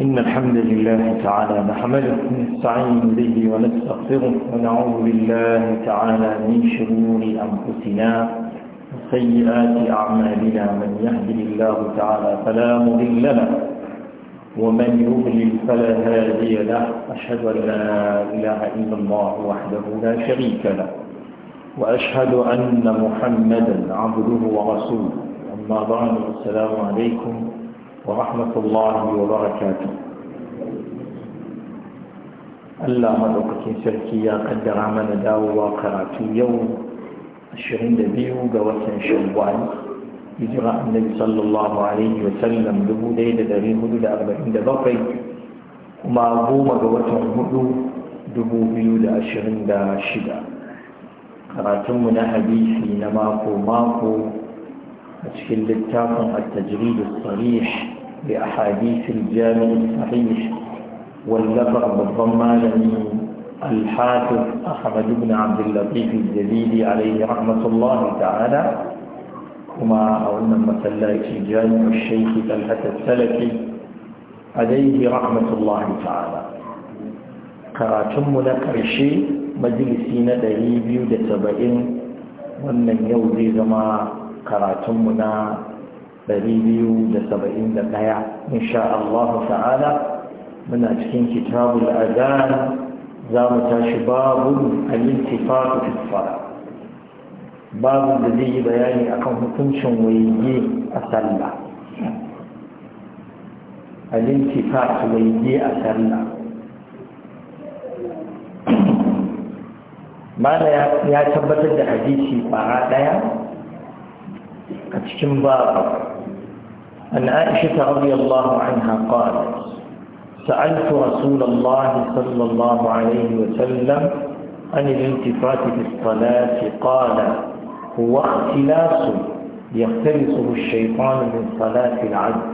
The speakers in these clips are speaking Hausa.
إن الحمد لله تعالى نحمده نستعين به ونستغفره ونعوذ بالله تعالى من شرور أنفسنا وسيئات أعمالنا من يهدي الله تعالى فلا مضل له ومن يضلل فلا هادي له أشهد أن لا إله إلا الله وحده لا شريك له وأشهد أن محمدا عبده ورسوله أما بعد السلام عليكم ورحمة الله وبركاته Allah maɗaukakin sarki ya kaddara mana dawowa karatu yau 22 ga watan shawwal hijira annabi sallallahu alaihi wa sallam 1447 kuma goma ga watan hudu 2026 karatunmu na hadisi na mako mako أشكل للتاقم التجريد الصريح بأحاديث الجامع الصحيح واللقب بالضمان الحافظ أحمد بن عبد اللطيف الجليل عليه رحمة الله تعالى كما أولنا مسلاك جامع الشيخ طلحة السلفي عليه رحمة الله تعالى كراتم لك رشي مجلسين دريبي ودسبئين ومن يوزي زمان karatunmu na 271 insha Allah ta'ala muna cikin kitabul azan za mu tashi babun al-intifaq fi salat babun da zai yi bayani akan hukuncin waye a sallah al-intifaq waye a sallah mana ya tabbatar da hadisi bara daya استنباط أن عن عائشة رضي الله عنها قالت سألت رسول الله صلى الله عليه وسلم عن الالتفات في الصلاة قال هو اختلاس يختلسه الشيطان من صلاة العبد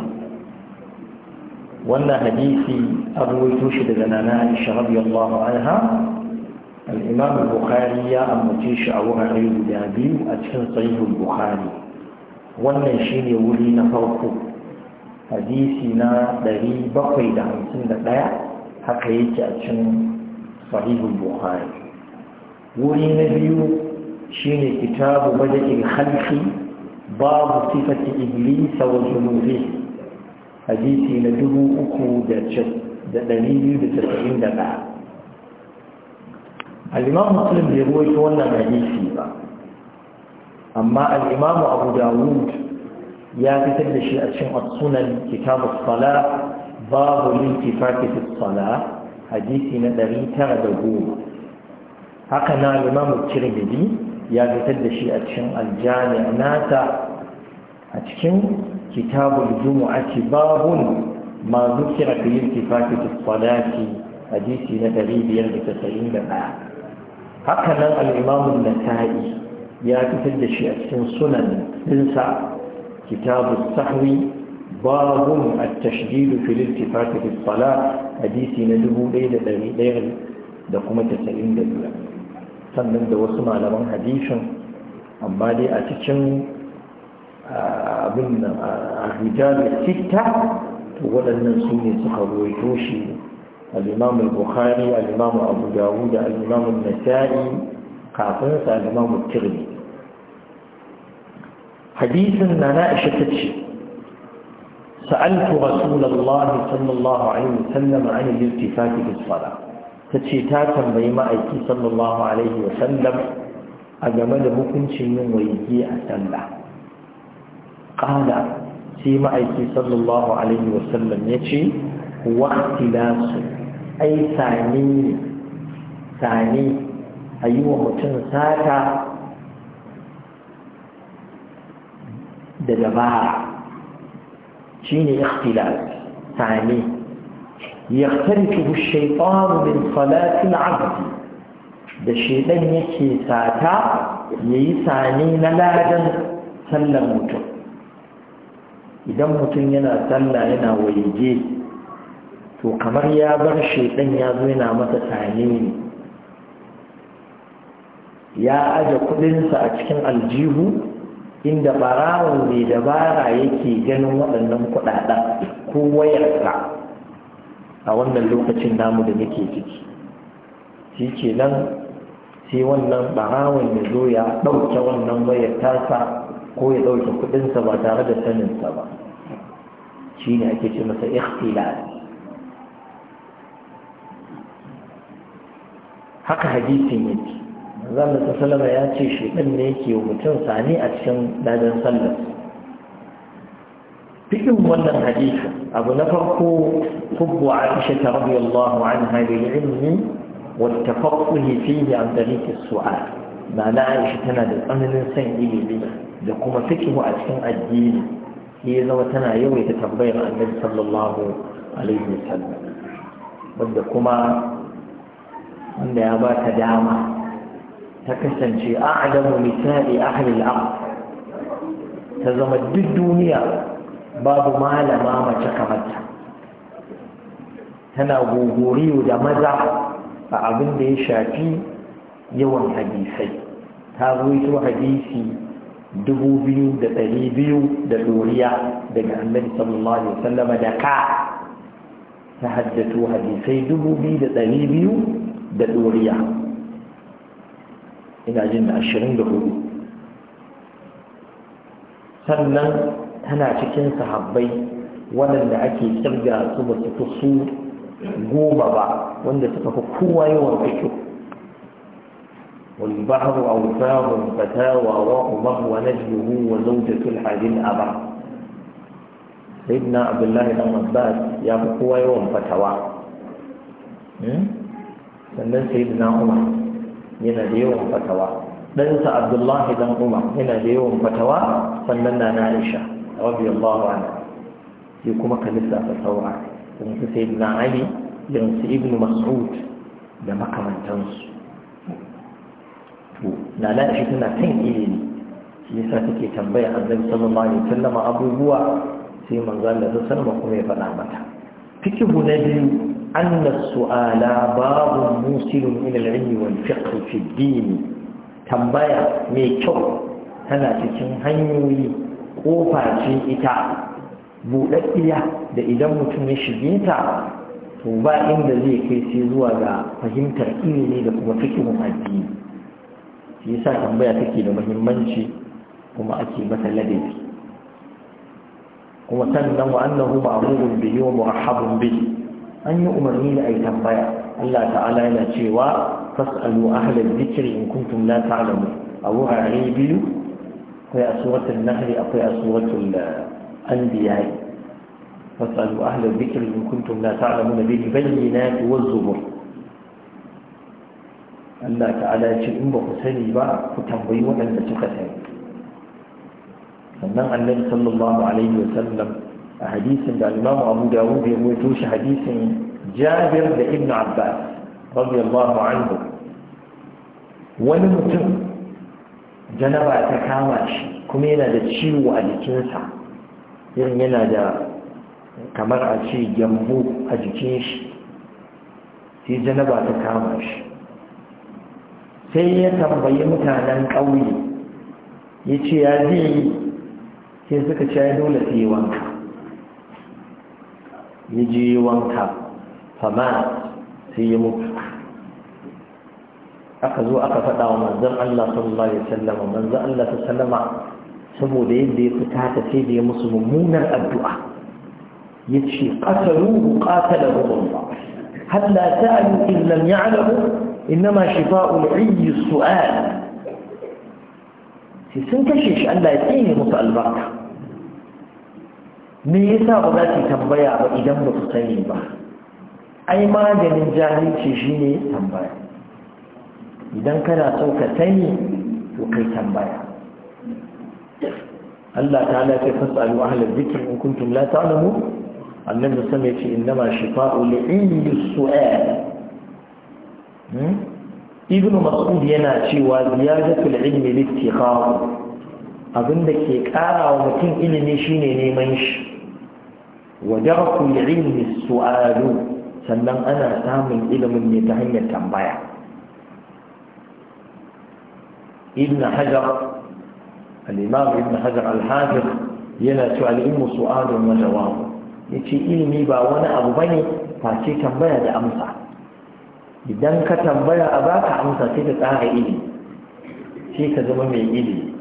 وأن حديثي أبو توشد لنا عائشة رضي الله عنها الإمام البخاري أم تيش أو غير دابي أتفن صحيح البخاري wannan shine wuri na farko hadisi na 751 haka yake a cikin sahihul Buhari. wuri na biyu shine kitabu bada'il halki, babu sifati iblis wa junubihi hadisi na 3291 al-imam muslim bai ruwaito wannan hadisi ba amma al'imamu abu dawud ya fitar da shi a cikin asunan kitabu tsala, babu lintifaki fi tsala hadisi na ɗari tara da haka na al'imamu cirmidi ya fitar da shi a cikin aljami nata a cikin kitabul jumu'ati babu ma zukira fi lintifaki tsala salati hadisi na ɗari biyar ɗaya haka nan al'imamun nasa'i ya fitar da shi a cikin sunan dinsa kitabu sahwi babun at-tashdid fi al-iltifat hadisi na 1100 da kuma 92 sannan da wasu malaman hadisin amma dai a cikin abin nan a rijal sita to waɗannan su ne suka ruwaito shi al-imam bukhari al-imam abu dawud al-imam nasai kafin sa ga mamu tirmi hadisin na na ishe ta ce sa'altu rasulullahi sallallahu alaihi wasallam an iltifati bis sala tace ta tambayi ma'aiki sallallahu alaihi a game da hukuncin yin waige a sallah qala sai ma'aiki sallallahu alaihi wasallam yace waqtilasu ai sani sani a yi wa mutum sata da dabara shi ne ya sami yaktarifu shaitan min salatin abdi da shaitan yake sata ya yi sami na ladan sallar mutum idan mutum yana sallah yana waje to kamar ya bar shaitan ya zo yana masa sami ne ya aje kudinsa a cikin aljihu inda barawon mai dabara yake ganin waɗannan kuɗaɗen ko wayarsa a wannan lokacin namu da nake ciki shi ke nan sai wannan barawon ya zo ya ɗauke wannan wayar tasa ko ya ɗauke kudinsa ba tare da saninsa ba shi ne ake ce masa ikhtilal haka hadisin yake zan da salama ya ce shi ɗin ne ke mutum sani a cikin dajin sallar cikin wannan hadisi abu na farko hubbu aisha ta rabi allahu an hali ilmi wata faƙuhi fiye an tariki su'a na na aisha tana da tsananin son ilimi da kuma fikihu a cikin addini sai ya zama tana yawaita tambayar annabi sallallahu alaihi wasallam wanda kuma wanda ya ba ta dama ta kasance a'lamu misali ahli al ta zama duk duniya babu malama mace kamar ta tana gogoriyo da maza a abin da ya shafi yawan hadisai ta ruwaito hadisi dubu biyu da ɗari biyu da ɗoriya daga annabi sallallahu alaihi da ka ta haddato hadisai dubu biyu da ɗari biyu da ɗoriya ina jin da ashirin da hudu sannan tana cikin sahabbai waɗanda ake kirga su ba su fi su goma ba wanda suka fi kowa yawan fito والبحر أوفاه فتاوى وعمر ونجله وزوجة الحاج الأبر سيدنا عبد الله بن عباس يا بقوة يوم فتوى sannan sai yana da yawan fatawa ɗansa abdullahi dan umar yana da yawan fatawa sannan na na'isha radiyallahu anha sai kuma ka lissafa saura yanzu sai na ali su ibnu mas'ud da makamantansu to na na'isha tana kan ilimi shi yasa take tambaya annabi sallallahu alaihi wasallam abubuwa sai manzo Allah sallallahu alaihi wasallam kuma ya faɗa mata fikihu na biyu أن السؤال باب موصل من العلم والفقه في الدين تنبيا ميكو هنا تكون هنوي قوفا في إتاء da idan mutum ya shige ta to ba inda zai kai sai zuwa ga fahimtar ilimi da kuma fikihun addini shi yasa tambaya take da muhimmanci kuma ake mata ladabi kuma sannan wa annahu ma'rufun bihi wa murhabun bihi an yi umarni da a yi tambaya Allah ta'ala yana cewa fas'alu ahlal zikri in kuntum la ta'lamu a wurare biyu akwai a suratul nahl akwai a suratul eh, anbiya fas'alu ahlal zikri in kuntum la ta'lamuna bil bayyinati waz zubur Allah ta'ala ya ce in ba ku sani ba ku tambayi waɗanda suka sani sannan annabi sallallahu alaihi wa sallam a hadisin da imamu abu dawud ya rawaito shi hadisin jabir da ibn abbas radiyallahu anhu wani mutum janaba ta kama shi kuma yana da ciwo a jikinsa irin yana da kamar a ce gyambo a jikin shi sai janaba ta kama shi sai ya tambayi mutanen ƙauye ya ce ya zai yi sai suka ce ya dole sai wanka يجي وانكا فمات سيمو أخذوا أخذتا ومنزل الله صلى الله عليه وسلم ومنزل الله صلى الله عليه وسلم سمو ذي ذي قتاة سيدي مسلمون الدعاء يتشي قتلوا قاتلهم الله هل لا سألوا إن لم يعلموا إنما شفاء العي السؤال سنكشش أن لا يتيني مسأل me yasa ba za ki tambaya ba idan ba ku sani ba ai maganin jahilci shine tambaya idan kana so ka sani to kai tambaya Allah ta'ala ya fasalu ahli zikr in kuntum la ta'lamu annabi sallallahu alaihi wasallam innama shifa'u li'ilmi su'al ibn mas'ud yana cewa ziyadatul ilmi li'tiqa abinda ke karawa mutum ilimi shine neman shi wa darku ilmi su'alu sannan ana samun ilimin ne ta hanyar tambaya ibn hajar al-imam ibn hajar al yana cewa al su'adun su'alun jawabu. Ya yace ilimi ba wani abu bane face tambaya da amsa idan ka tambaya a baka amsa sai ka tsara ilimi sai ka zama mai ilimi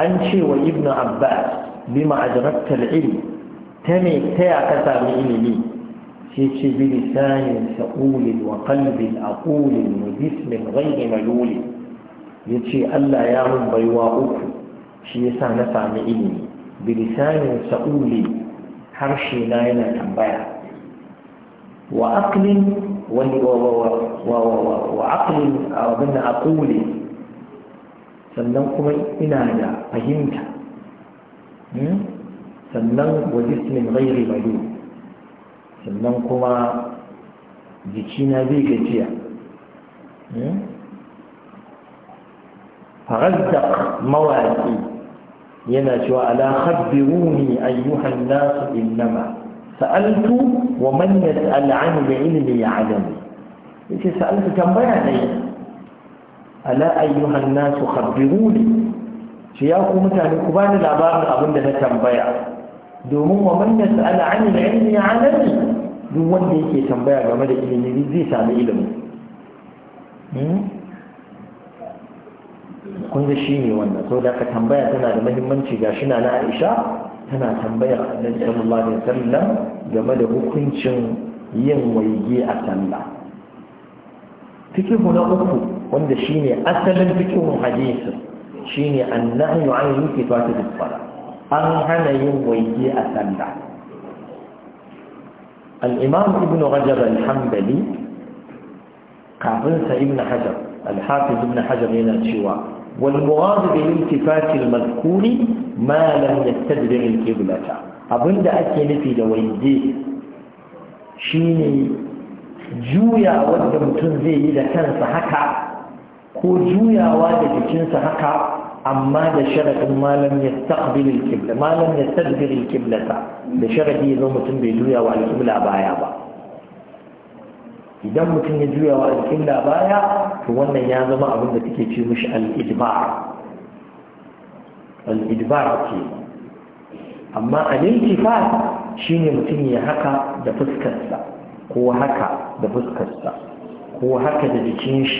an ce wa ibn abbas bima ajrakta al ta me ta ya ka sami ilimi Shi ce bi lisanin sa'ulin wa qalbin aqulin wa jismin ghayri malulin yace Allah ya mun baiwa uku shi yasa na sami ilimi bi lisanin sa'uli harshe na yana tambaya wa aqlin wa wa aqlin abinda aquli sannan kuma ina da fahimta hmm? sannan wa jismin ghairi malu sannan kuma jikina zai gajiya hmm? farazzaq mawaki yana cewa ala khabbiruni ayyuhan nasu innama sa'altu wa man yas'al an ilmi ya'lam yace sa'altu tambaya ne ala ayyuhan nasu khabbiruni shi ya ku mutane ku bani labarin abin da na tambaya domin wa man yas'ala 'an al ya 'alami duk wanda yake tambaya game da ilimi zai sami ilimi hmm? kun ga ne wannan so da ka tambaya tana da mahimmanci, ga shi na na Aisha tana tambayar Annabi sallallahu alaihi wasallam game da hukuncin yin waige a sallah fikihu na uku wanda shine asalin fikihun hadisi shine annahu 'an iltifati bis-salah an hana yin waige a sanda. alimam imam ibn rajab kafin sa ibn hajar al ibn hajar yana cewa wal da bil iltifat Malam madhkur ma lam yastadbir abinda ake nufi da waige shine juya wanda mutum zai yi da kansa haka ko juyawa da jikinsa haka أما لشرط ما لم يستقبل الكبلة ما لم يستدبر الكبلة لشرط إذا متن بيجوية والكبلة بايا با إذا متن يجوية والكبلة بايا فوانا يازم أبن تكيتي مش الإدبار الإدبار كي أما الالتفات شيني متن يهكا دفسكسا هو هكا دفسكسا هو هكا دجينش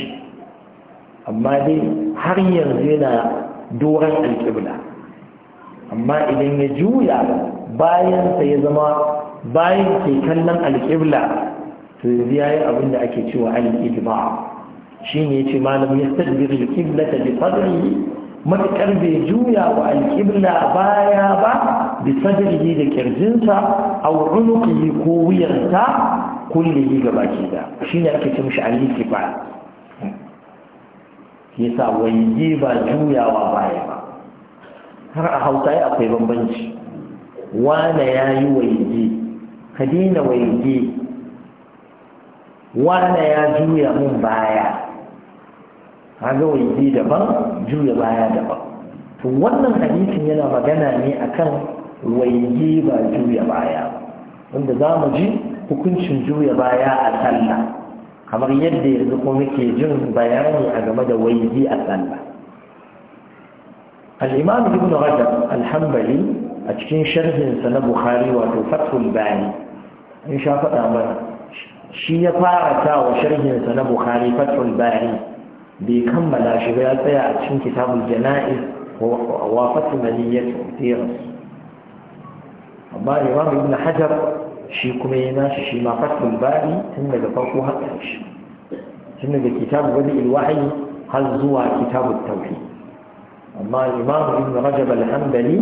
أما دي har yanzu doron alƙibla amma idan ya juya bayansa ya zama bayan ke kallon alƙibla to ya yi abin da ake cewa alƙibla shi ne ce malam ya sadbir alƙibla ta bi fadari matuƙar bai juya wa alƙibla baya ba bi da ƙirjinsa a unuƙi ko wuyarsa kullihi gaba ke da shi ne ake ce mashi alƙibla shi sa ba juyawa baya ba har a hausa ya akwai bambanci wane ya yi waige ka daina waige wane ya juya mun baya ga waige daban juya baya daban to wannan hadisin yana magana ne akan waige ba juya baya wanda za mu ji hukuncin juya baya a sallah kamar yadda yanzu ko muke jin bayani a game da waizi a sallah al-imam ibn rajab al-hanbali a cikin sharhin sa na bukhari wato fathul bani in sha faɗa mana shi ya fara ta wa sharhin sa na bukhari fathul bani bai kammala shi ba ya tsaya a cikin kitabul jana'iz wa fathul maniyatu tiras amma imam ibn hajar shi kuma ya nashi shi ma fatul bari tun daga farko har ƙarshe tun daga kitabu wani ilwahayi har zuwa kitabu tauhi amma imamu ibn rajab al-hanbali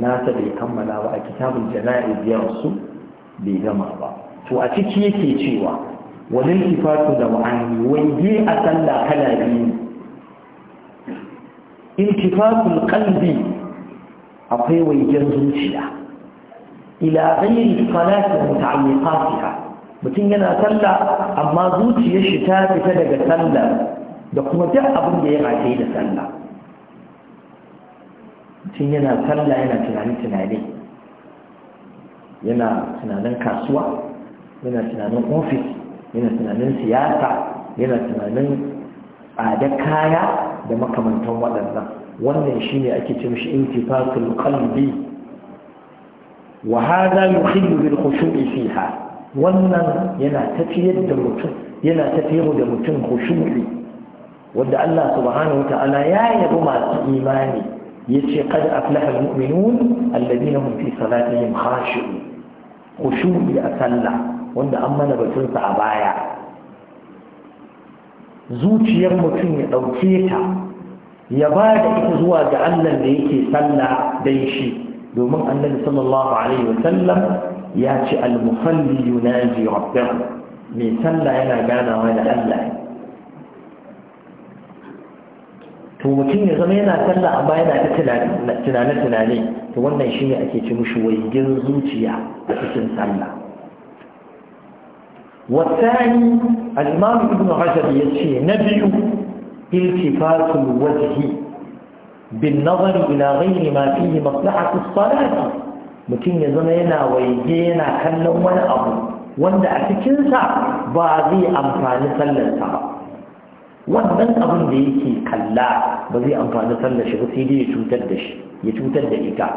nasa bai kammala ba a kitabul jana'iz ya bai gama ba to a ciki yake cewa wani ifatu da wa'ani wai a sallah kala biyu intifatul qalbi akwai waigen zuciya ila ghairi salati muta'alliqatiha mutum yana sallah amma zuciyar shi ta fita daga sallah da kuma duk abin da ya rataye da sallah mutum yana sallah yana tunani tunani yana tunanin kasuwa yana tunanin ofis yana tunanin siyasa yana tunanin tsadar kaya da makamantar waɗannan wannan shine ake ce mishi intifatul qalbi wa hada yukhillu bil khushu'i fiha wannan yana tafiyar da mutum yana tafiyar da mutum khushu'i wanda Allah subhanahu wataala ya yabi masu imani yace qad aflaha al mu'minun alladhina hum fi salatihim khashi'un khushu'i a sallah wanda an mana batun sa a baya zuciyar mutum ya dauke ta ya ba da ita zuwa ga Allah da yake sallah dan shi domin annabi sallallahu alaihi wa sallam ya ci al-musalli yunaji rabbahu mai sallah yana ganawa da Allah to mutum ya zama yana sallah amma yana ta tunane-tunane to wannan shine ake ci mushi waigin zuciya a cikin sallah والثاني الإمام ابن حجر يشي نبي التفات الوجه بالنظر إلى غير ما فيه مصلحة الصلاة mutum ya zama yana waige yana kallon wani abu wanda a cikinsa ba zai amfani sallarsa ba wannan abin da yake kalla ba zai amfani sallar shi ba sai dai ya cutar da shi ya cutar da ita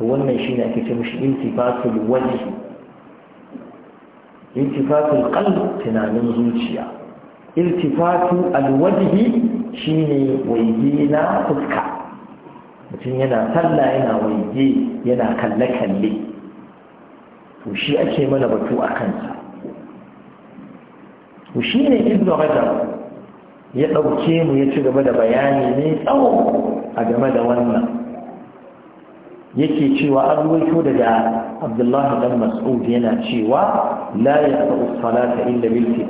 to wannan shine ake ce mishi intifasul wajhi intifasul qalb tunanin zuciya iltifatu alwajhi shine waige na fuska mutum yana sallah yana waige yana kalle-kalle to shi ake mana batu a kansa to shi ne ibn rajab ya ɗauke mu ya ci gaba da bayani ne tsawo a game da wannan yake cewa an ruwaito daga abdullahi dan mas'ud yana cewa la yaqtu salata illa bil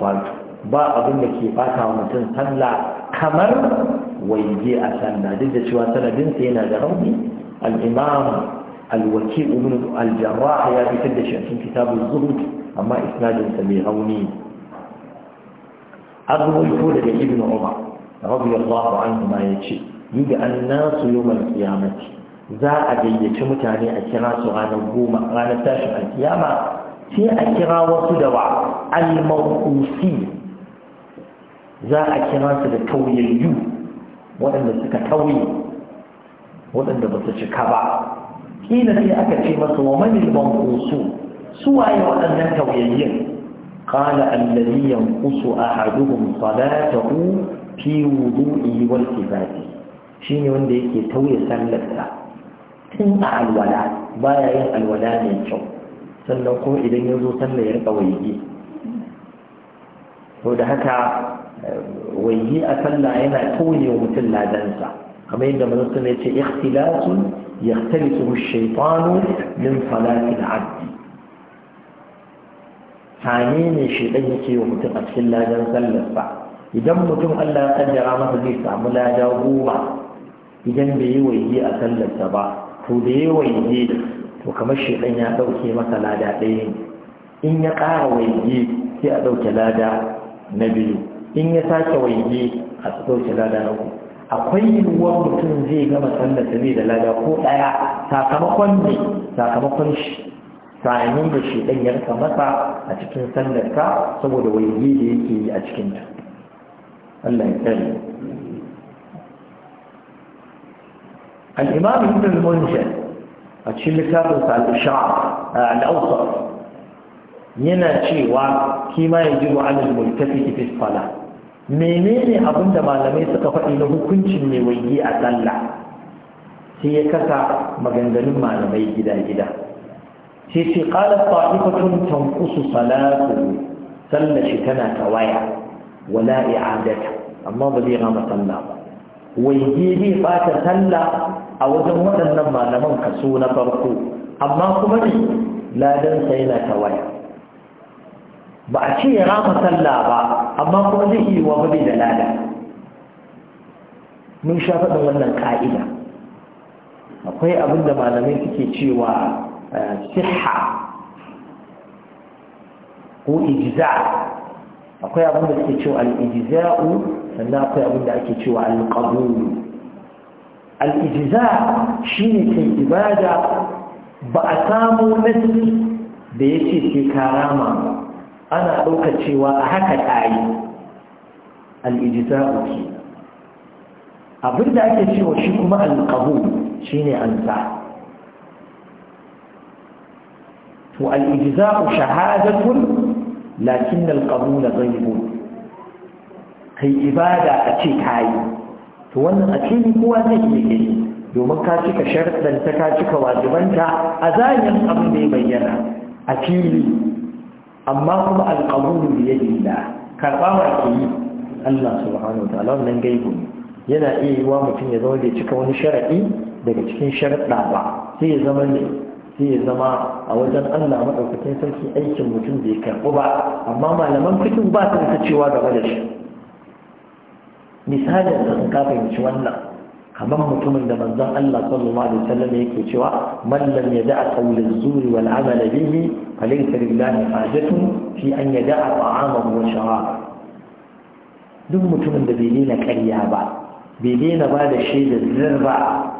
ba abin da ke bata mutum sallah kamar waige a sallah duk da cewa sanadinsa yana da rauni al alwaki al-waki al ya fitar da shi a cikin zuhud amma isnadin mai rauni azumi ko daga ibn umar radiyallahu anhu ya ce. ni da annasu yawmal qiyamati za a gayyaci mutane a kira su ranar goma ranar tashin alkiyama sai a kira wasu da wa al za a kira su da kauyayyu waɗanda suka tauye waɗanda ba su cika ba kila sai aka ce masa wa manil manqusu su waye waɗannan tauyayyin قال الذي ينقص fi صلاته في وضوئه Shi ne wanda yake tauye sallarsa tun a alwala baya yin alwala mai kyau sannan kuma idan ya zo sallar ya rika waige to da haka waiyi a sallah yana tone wa mutum ladansa kamar yadda manzon ya ce ikhtilatun yahtalisu shaytanu min salatil abdi sane ne shaytan yake wa mutum a cikin ladan sallarsa idan mutum Allah ya kaddara masa zai samu lada goma idan bai yi waiyi a sa ba to da yi waiyi to kamar shaytan ya dauke masa lada ɗaya ne in ya ƙara waiyi sai a ɗauke lada na biyu in ya sake waje a tsawon lada na uku akwai yiwuwar mutum zai gama sanda da zai da lada ko ɗaya sakamakon ne sakamakon shi sa'anin da shi ɗan yarka masa a cikin sanda ka saboda waje da yake yi a cikin ta Allah ya tsari al'imam ibn al-munzir a cikin littafin sa al-ishaq al awsar yana cewa kima yajibu 'ala al-multafi fi salat menene abin da malamai suka faɗi na hukuncin mai waje a sallah sai ya kasa maganganun malamai gida-gida sai ce ƙalar ta'ifatun tankusu salatu sallar shi tana tawaya wala i'adata amma ba zai rama sallah ba waje zai fata sallah a wajen waɗannan malaman kaso na farko amma kuma ne ladansa yana tawaya ba a ce ya rama sallah ba amma kuma zai iya wa bai da lada mun sha faɗin wannan ƙa'ida. akwai abin da malamai suke cewa eh, siha ko ijiza akwai abin da suke cewa al-ijza'u sannan akwai abin da ake cewa al-qabul al-ijza shine kai ibada ba a samu nasi da yake sai karama ba ana ɗaukar cewa a haka tayi al-ijza'u ke abin da ake cewa shi kuma shi ne an sa. to al-ijza'u shahadatun lakin da al-qabul ghaibun kai ibada a ce ta yi. to wannan a cikin kowa zai yi ne, domin ka cika sharɗanta ka cika wajibanta a zahirin abin da ya bayyana a fili amma kuma alƙawun da yi da karɓa ma ke yi Allah subhanahu wa ta'ala wannan gaibu yana iya yi wa mutum ya zama bai cika wani sharaɗi daga cikin sharaɗa ba sai ya zama ne sai ya zama a wajen Allah maɗaukakin sarki aikin mutum bai karɓu ba amma malaman fitin ba su da cewa game da shi misalin da sun kafa yanci wannan kamar mutumin da manzon Allah sallallahu alaihi wasallam yake cewa man lam yada'a qawla az-zur wal 'amala bihi falaysa lillahi hajatun fi an yada'a ta'amahu wa sharabahu duk mutumin da bai daina ƙarya ba bai daina ba da shaidar zir ba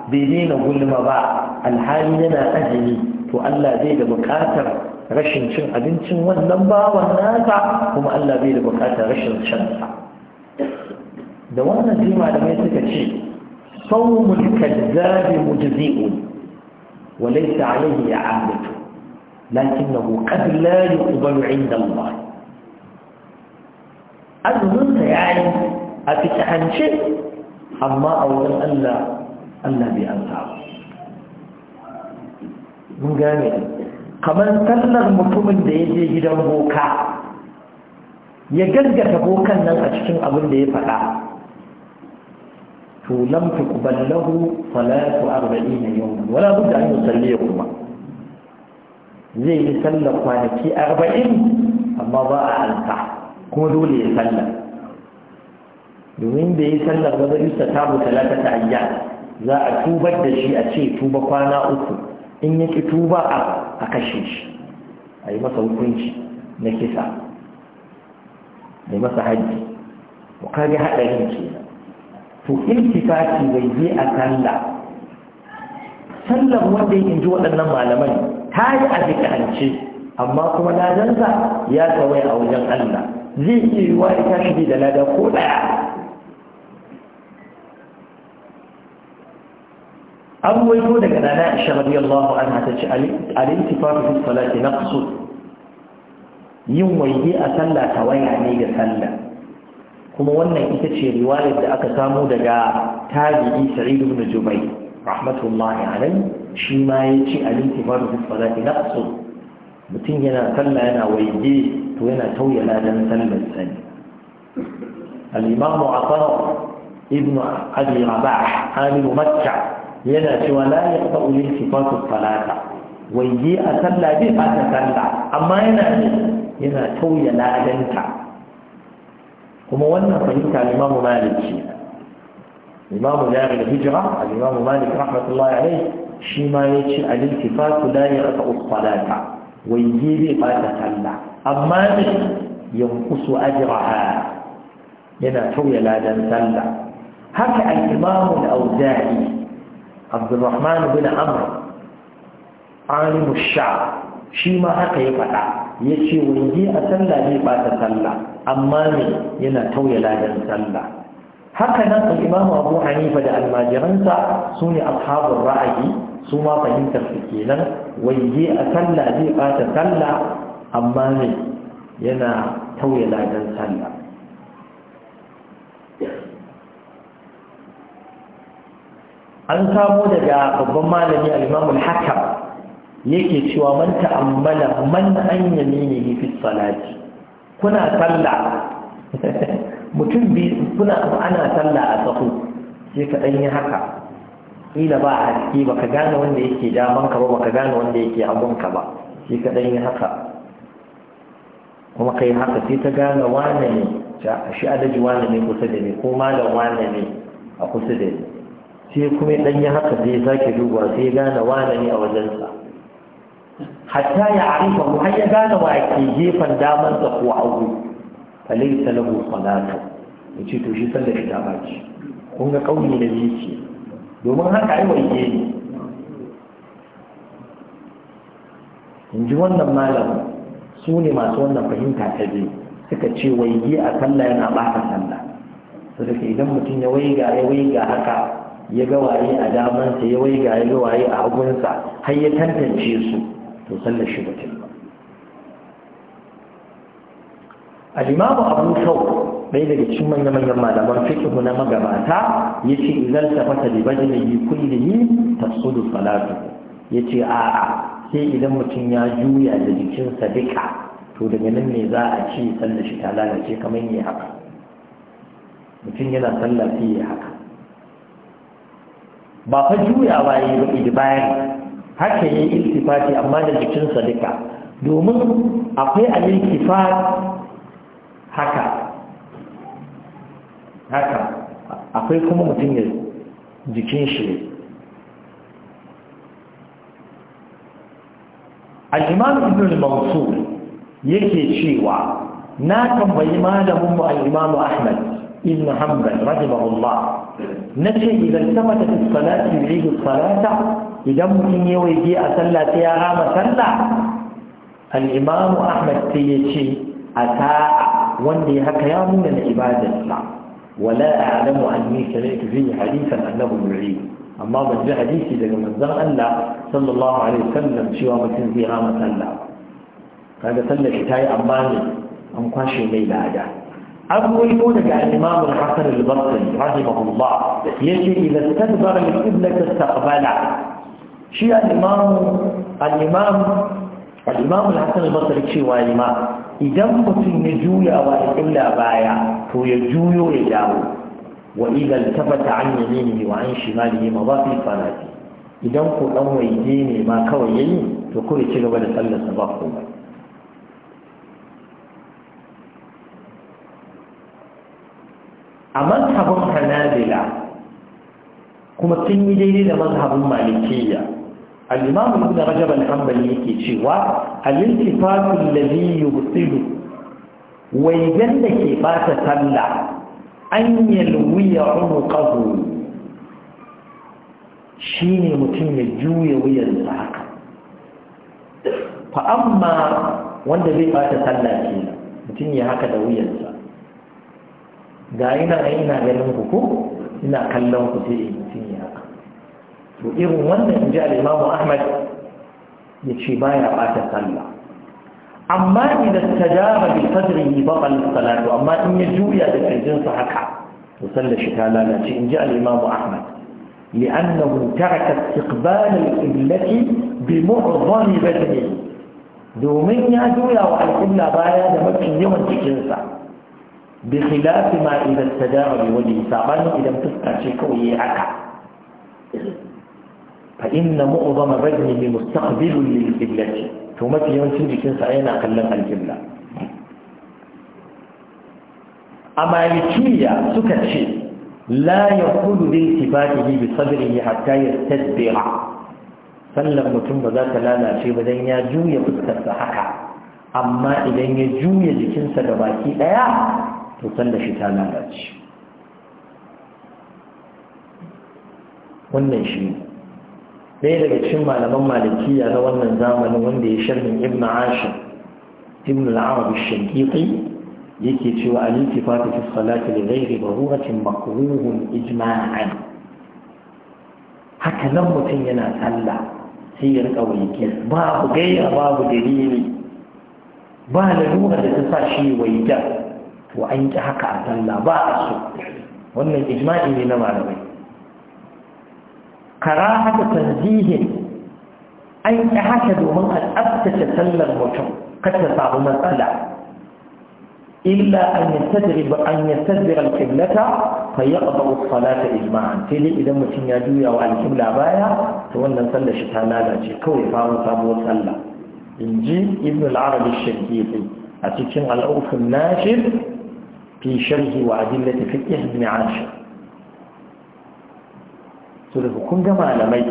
bai daina gulma ba alhali yana azumi to Allah zai da buƙatar rashin cin abincin wannan bawan nasa kuma Allah zai da buƙatar rashin shan sa da wannan jima da mai suka ce صوم الكذاب مجزئ وليس عليه عامة لكنه قد لا يقبل عند الله أظن يعني أفتحن شيء أما أولا ألا ألا بأنفع من جانب kamar tallar mutumin da ya je gidan boka ya gaggata bokan nan a cikin abin da ya faɗa to lam tuqbal lahu salatu 40 yawma wala budda an yusalli yawma zai yi sallar kwanaki arba'in amma ba a kuma dole ya sallar. domin da ya sallar ba zai yusa tabu talatata ayya za a tubar da shi a ce tuba kwana uku in ya ki tuba a a kashe shi a yi masa hukunci na kisa mai masa hajji ku haɗari haɗarin kenan to iltifati bai je a sallah sallar wanda ya inji waɗannan malaman ta yi a fiƙance amma kuma ladansa ya tsawai a wajen Allah zai iya wa ya tashi da lada ko ɗaya an waito daga nana isha radiyallahu anha ta ce al-iltifatu fi salati naqsu yin waige a sallah tawaya ne ga sallah kuma wannan ita ce riwayar da aka samu daga tabi'i sa'id ibn jubayr rahmatullahi alayhi shi ma yace al-intifaru fi salati naqsu mutum yana sallah yana waye to yana tauye ladan sallar sani al imam atar ibn abi rabah ali makkah yana cewa la yaqba'u li sifatu salata waye a sallah bai ta sallah amma yana yana tauye ladanta kuma wannan fahimta imamu malik ce imamu jari da hijira imamu malik rahmatullahi alai shi ma ya ce a al-iltifatu la yaqta'u salata wai bai bata sallah amma ne yankusu ajraha yana tauye ladan sallah haka al-imamu al-auza'i abdurrahman bin amr alimu sha shi ma haka ya faɗa ya ce wai a sallah bai bata sallah amma ne yana tauye ladan sallah haka nan al-imamu abu hanifa da almajiransa su ne ashabun ra'ayi su ma fahimtar su kenan waje a sallah zai bata sallah amma ne yana tauye ladan sallah an samo daga babban malami al-imamu al-hakam yake cewa man ta'ammala man an yaminihi fi salati kuna sallah mutum bi kuna ana sallah a tsaho? sai ka ɗan yi haka ila ba a haske ba ka gane wanda yake daman ka ba ba ka gane wanda yake abunka ba sai ka ɗan yi haka kuma ka yi haka sai ta gane wane ne shi adaji wane ne kusa da ni ko malam wane ne a kusa da ni sai kuma ɗan yi haka zai zaki duba sai gane wane ne a wajensa hatta ya arifa mu har ya gane wa ke gefen damar sa ko hagu falaysa lahu salatu ce to shi sallar ta baci kun ga kauli da ce. domin haka ai waje ne in ji wannan malamin su ne masu wannan fahimta ta biyu suka ce waige a sallah yana bata sallah su da idan mutum ya waiga ya waiga haka ya ga waye a damansa ya waiga ya ga waye a hagunsa har ya tantance su to sallar shi ba ta ba al abu sau ɗaya daga cikin manyan manyan malaman fiqh na magabata yace idan tafata li bajlihi kullihi Falatu. salatu yace a'a sai idan mutum ya juya da jikinsa duka to daga nan ne za a ci sallar shi ta lalace kamar yi haka mutum yana sallah ya haka ba fa juyawa yi ba idbayan haka yi iltifati amma da jikinsa duka domin akwai al-iltifat haka haka akwai kuma mutum ya jikin shi al'imam ibn al-mansur yake cewa na tambayi malamin mu al-imam ahmad ibn hanbal rahimahullah nace idan samata fi salati yu'idu salata idan mutum ya waje a sallah sai ya rama sallah al-imam ahmad sai ya ce a ata wanda ya haka ya nuna na ibadarsa wala a adamu a'lamu anni sami'tu fihi hadisan annabu yu'id amma ban ji hadisi daga manzon Allah sallallahu alaihi wasallam cewa mutum zai rama sallah kaga sallar ta yi amma ne an kwashe mai lada أبو يقول الإمام الحسن البصري رحمه الله يجي إذا استدبر القبلة استقبلها shi al'imamu al'imamu al'imamu hasan al cewa lima idan mutum ya juya wa alƙilla baya to ya juyo ya dawo wa idan tabbata an yamini wa an shimali ma ba fi idan ku dan waje ne ma kawai yayi to ku ci gaba da tsallasa ba komai a mazhabin hanabila kuma sun yi daidai da mazhabin malikiyya al da ibn rajab Ambali yake cewa alintifafin iltifatu alladhi yubtilu waigen da ke bata sallah an yalwiya shi ne mutum ya juya da haka fa amma wanda zai bata sallah ke mutum ya haka da wuyarsa ga ina ina ganin ku ko ina kallon ku sai to irin wannan in ji al’imamu ahmad ya ce ba ya ɓata sallah amma idan ta jama bi fadri yi ba amma in ya juya da kirjinsa haka to sallah ta lalace in ji al’imamu ahmad li'annahu taraka istiqbalal qiblati bi mu'dhani badri domin ya juya wa al-qibla baya da mafi yawan jikinsa bi khilaf ma idan tajawa bi wajhi saban idan fuska kawai ya yi haka فإن معظم الرجل بمستقبل للقبلة ثم في يوم سنجي كنسا أين أقلم القبلة أما يتويا سكتشي لا يقول بالتفاته بصدره حتى يستدبر فلما تم ذات لا لا شيء بدين يجو يقول تستحقا أما إذا يجو يجي كنسا دباكي أيا تصل شتانا لاتش وانا يشيني ɗaya daga cikin malaman malikiya na wannan zamanin wanda ya sharhin ibn ashir ibn al-arab shaqiqi yake cewa al-iltifatu fi salati li ghairi daruratin makruhun ijma'an haka nan mutum yana sallah sai ya rika waike babu gaira babu dalili ba ruwa da ta sa shi waike to an ƙi haka a sallah ba a so wannan ijma'i ne na malamai karahata tanzihin an yi haka domin a tsabtace sallar mutum kata samu matsala illa an yi sadiri ba an yi sadiri alƙiblata fa yi ƙaba salata ijma'an sai dai idan mutum ya juya wa alƙibla baya to wannan sallar shi ta lalace kawai samu sabuwar sallah in ji ibn al-arabi a cikin al'ufin nashir fi sharhi wa adillati fiqh ibn ashir to da kun ga malamai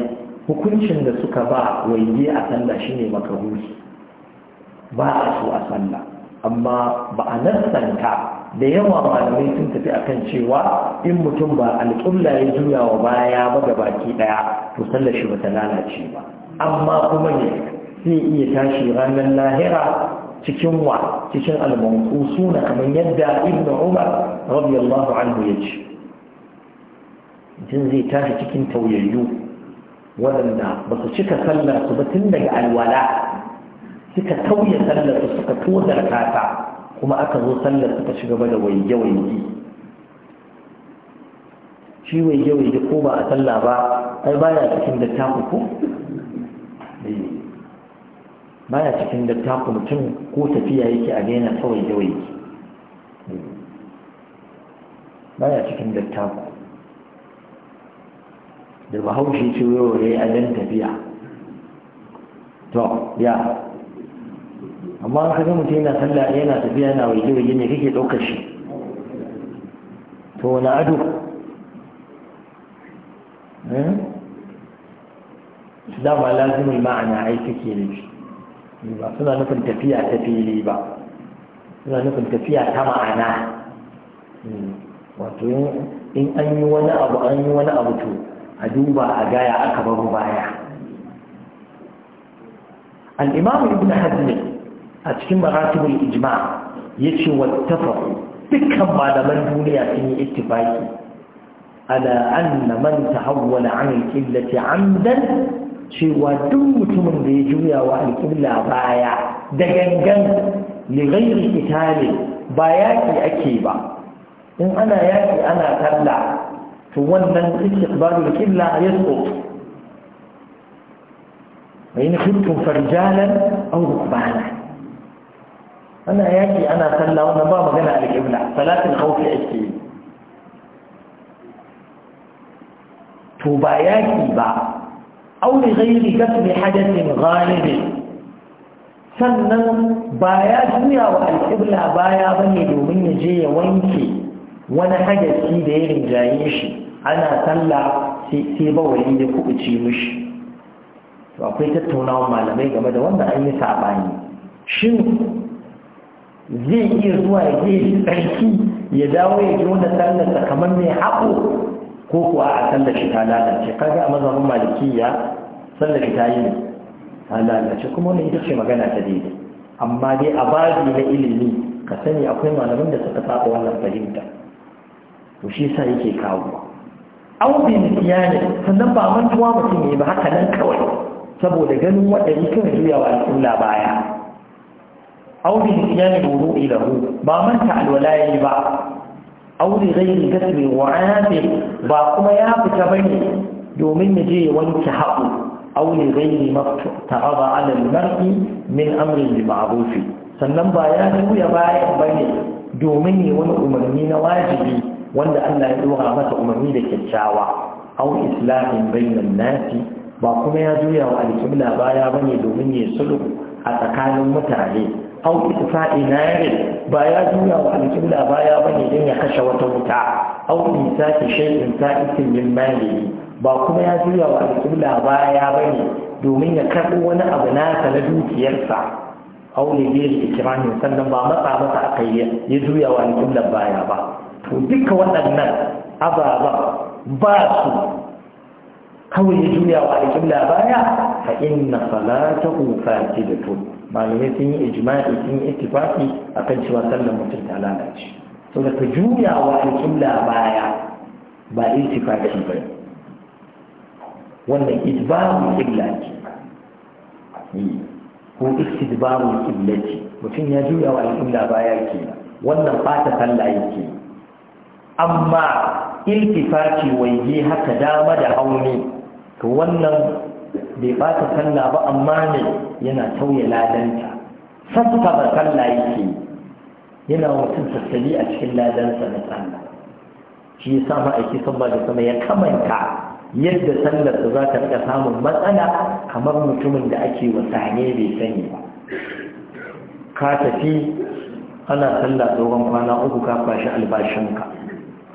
hukuncin da suka ba waige a sallah shine makaruhi ba a so a sallah amma ba a nassanta da yawa malamai sun tafi akan cewa in mutum ba alƙulla ya juya wa baya ba da baki ɗaya to sallar shi bata lalace ba amma kuma ne zai iya tashi ranar lahira cikin wa cikin almanku suna kamar yadda ibnu umar radiyallahu anhu ya ce mutum zai tashi cikin tauyayyu waɗanda ba su cika sallarsu ba tun daga alwala suka tauye sallar su suka tozar kasa kuma aka zo sallar su ta shiga da waige-waige shi waige-waige ko ba a salla ba ai baya cikin dattaku ko eh, baya cikin dattaku mutum ko tafiya yake a daina ta waige-waige eh, baya cikin dattaku da bahaushe ce wurare a nan tafiya to ya amma an kaga mutum yana sallah yana tafiya yana waje waje ne kake ɗaukar shi to wani ado hmm? dama lazimin ma'ana aiki kake da shi ba suna nufin tafiya ta fili ba suna nufin tafiya ta ma'ana hmm. wato in an yi wani abu an yi wani abu to a duba a gaya aka baro baya al'imam ibn hajji a cikin maratibul ijma ya ce wattafaku dukkan malaman duniya sun yi ittifaki ala anna man tahawwala an al amdan cewa duk mutumin da ya juya wa alƙibla baya da gangan lighairi itali ba yaƙi ake ba in ana yaƙi ana talla to wannan istiqbalu al-qibla yasqut fa in kuntum farjalan aw rukbana ana yaki ana sallah wannan ba magana al-qibla salatul khawfi ake to ba yaki ba aw li ghairi kasbi hadathin ghalib sannan ba ya juya wa al-qibla baya bane domin ya je ya wanke wani hadasi da ya rinjaye shi ana sallah sai ba da ya ci mishi to akwai tattaunawa malamai game da wanda an yi sabani shin zai iya zuwa ya je tsarki ya dawo ya ji wanda sallarsa kamar mai haƙo ko kuwa a sallar shi ta lalace kaga a mazaunin malikiya sallar shi ta yi ne ta lalace kuma wani ita ce magana ta daidai amma dai a bazi na ilimi ka sani akwai malamin da suka saba wannan fahimta to shi yasa yake kawo au bi ne sannan ba mantuwa mutum ne ba haka nan kawai saboda ganin waɗari kan juyawa al'umma baya au bi ne wuru ilahu ba manta alwalayi ba au zai yi gasmi wa ba kuma ya fita ne domin ya je wanke haɓu au zai yi ta'aba ala al-mar'i min amrin bi ma'ruf sannan ba ya juya bayan ne domin ne wani umarni na wajibi wanda Allah ya dora masa umarni da kyakkyawa aw islahin bainan nasi ba kuma ya juya wa alƙibla baya bane domin ya sulhu a tsakanin mutane aw itfa'i narin ba ya juya wa alƙibla baya bane don ya kashe wata wuta aw isaki shay'in sa'itin min malihi ba kuma ya juya wa alƙibla baya bane domin ya karɓi wani abu nasa na dukiyarsa aw ne bai ikramin sannan ba matsa masa akai ya juya wa alƙibla baya ba to duka waɗannan ababen ba su kawai ya juya wa alƙibla baya fa inna da fasidatu malamai sun yi ijma'i sun yi ittifaqi akan cewa sallar mutum ta lalace to da ka juya wa alƙibla baya ba ittifaqi ba wannan idbaru qibla ce ko istidbaru qiblati mutum ya juya wa alƙibla baya ke wannan fata sallah yake amma iltifati waje haka dama da hauni to wannan bai bata sallah ba amma ne yana tauye ladanta sassa ba sallah yake yana mutum sassali a cikin ladansa na sallah shi yasa ma'aiki sama da sama ya kamanta yadda sallarsa za ta rika samun matsala kamar mutumin da ake wasane bai sani ba ka tafi ana sallah tsoron kwana uku ka kwashi albashinka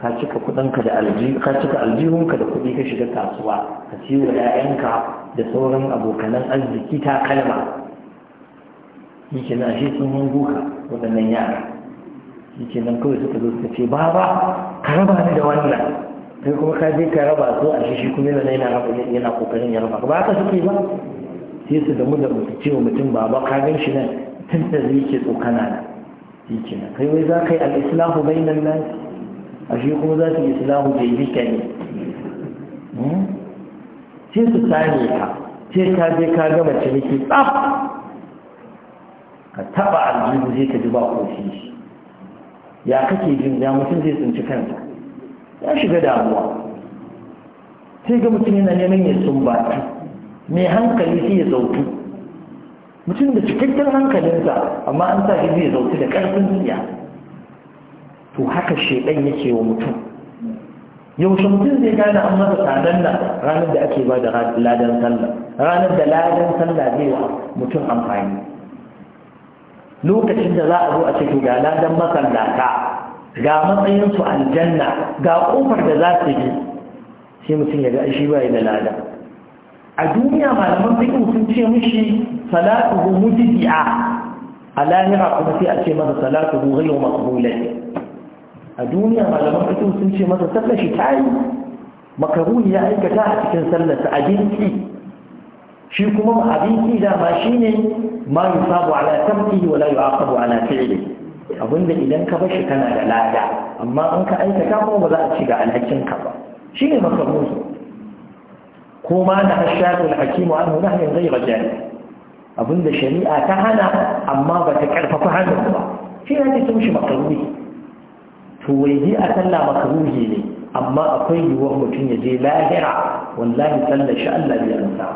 ka cika kudinka da ka cika aljihunka da kudi ka shiga kasuwa ka siyo ƴaƴanka da sauran abokanan arziki ta kalma yake nan ashe sun hango ka waɗannan yara yake nan kawai suka zo suka ce baba ka raba ni da wannan kai kuma ka je ka raba su a shi shi kuma yana yana raba yana kokarin ya raba ba haka suke ba sai su damu da mutum cewa mutum baba ka gan shi nan tun da zai ke tsokana na yake nan kai wai za ka yi al'islahu bainan nan a shi kuma za su yi islamu da yi ka ne hmm? sai su sani ka sai ka je ka gama ciniki tsaf ka taba aljihu zai ka ji ba kofi shi ya kake jin ya mutum zai tsinci kansa ya shiga damuwa sai ga mutum yana neman ya sumbatu mai hankali sai ya zautu mutum da cikakken hankalinsa amma an sa shi zai zautu da ƙarfin siya to haka shedan yake wa mutum yaushe mutum zai gane an masa tsadan nan ranar da ake ba da ladan sallah ranar da ladan sallah zai wa mutum amfani lokacin da za a zo a ce to ga ladan masallata ga matsayinsu aljanna ga kofar da za su bi, sai mutum ya ga shi bai da lada a duniya malaman fiƙi sun ce mishi salatuhu mujdi'a a lahira kuma sai a ce masa Salatu ghayru maqbulah a duniya malaman fitin sun ce masa sallar shi ta yi makaruni ya aikata a cikin sallar ta abinci shi kuma abinci dama shi ne ma yi sabu ala tamfi wala yi akabu ala fi'ili abinda idan ka bashi kana da lada amma an ka aikata kuma ba za a ci ga ka ba shi ne makaruni ko ma na hashatul hakimu anhu nahyin ghayra jahil abinda shari'a ta hana amma ba ta karfafa hannun ba shi ne ake tumshi makaruni to waje a sallah makaruhi ne amma akwai yiwuwar mutum ya je lahira wallahi sallar shi Allah bai amsa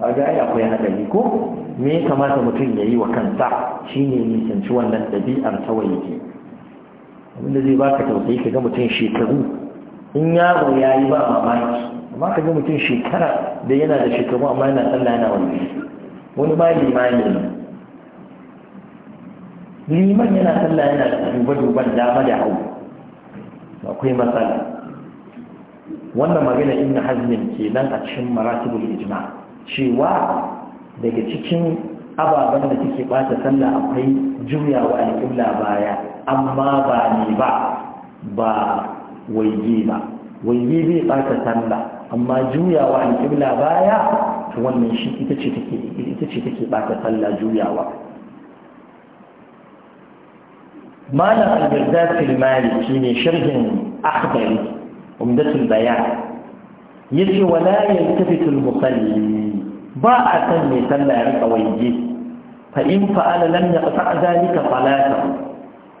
ba ga ai akwai haɗari ko me ya kamata mutum ya yi wa kansa shine nisanci wannan ɗabi'ar ta waje abinda zai baka tausayi ka ga mutum shekaru in yaro ya yi ba mamaki amma ka ga mutum shekara da yana da shekaru amma yana sallah yana wani wani ma limani ne liman yana sallah yana duba-duban dama da hau akwai matsala wannan magana inna hazmin ke nan a cikin maratibul ijma cewa daga cikin ababen da suke bata sallah akwai juyawa alƙibla baya amma ba ne ba ba waige ba Waiye bai bata sallah amma juyawa alƙibla baya wannan shi ita ce take ita ce take bata sallah juyawa malam albarzatul maliki ne sharhin akhbari umdatul bayan Ya yace wala yaltafitul musalli ba a san mai sallah ya rika waige fa in fa'ala lam yaqta zalika salata